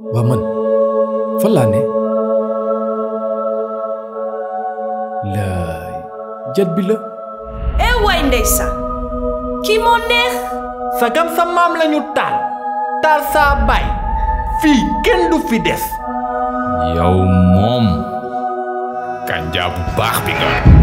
waa man fan laa ne laay jat bi la ee waay ndeysaan kii moo neex sagam sa maam lañu taal taal saa baay fii kenn du fi des yow moom kanja bu baax bi nga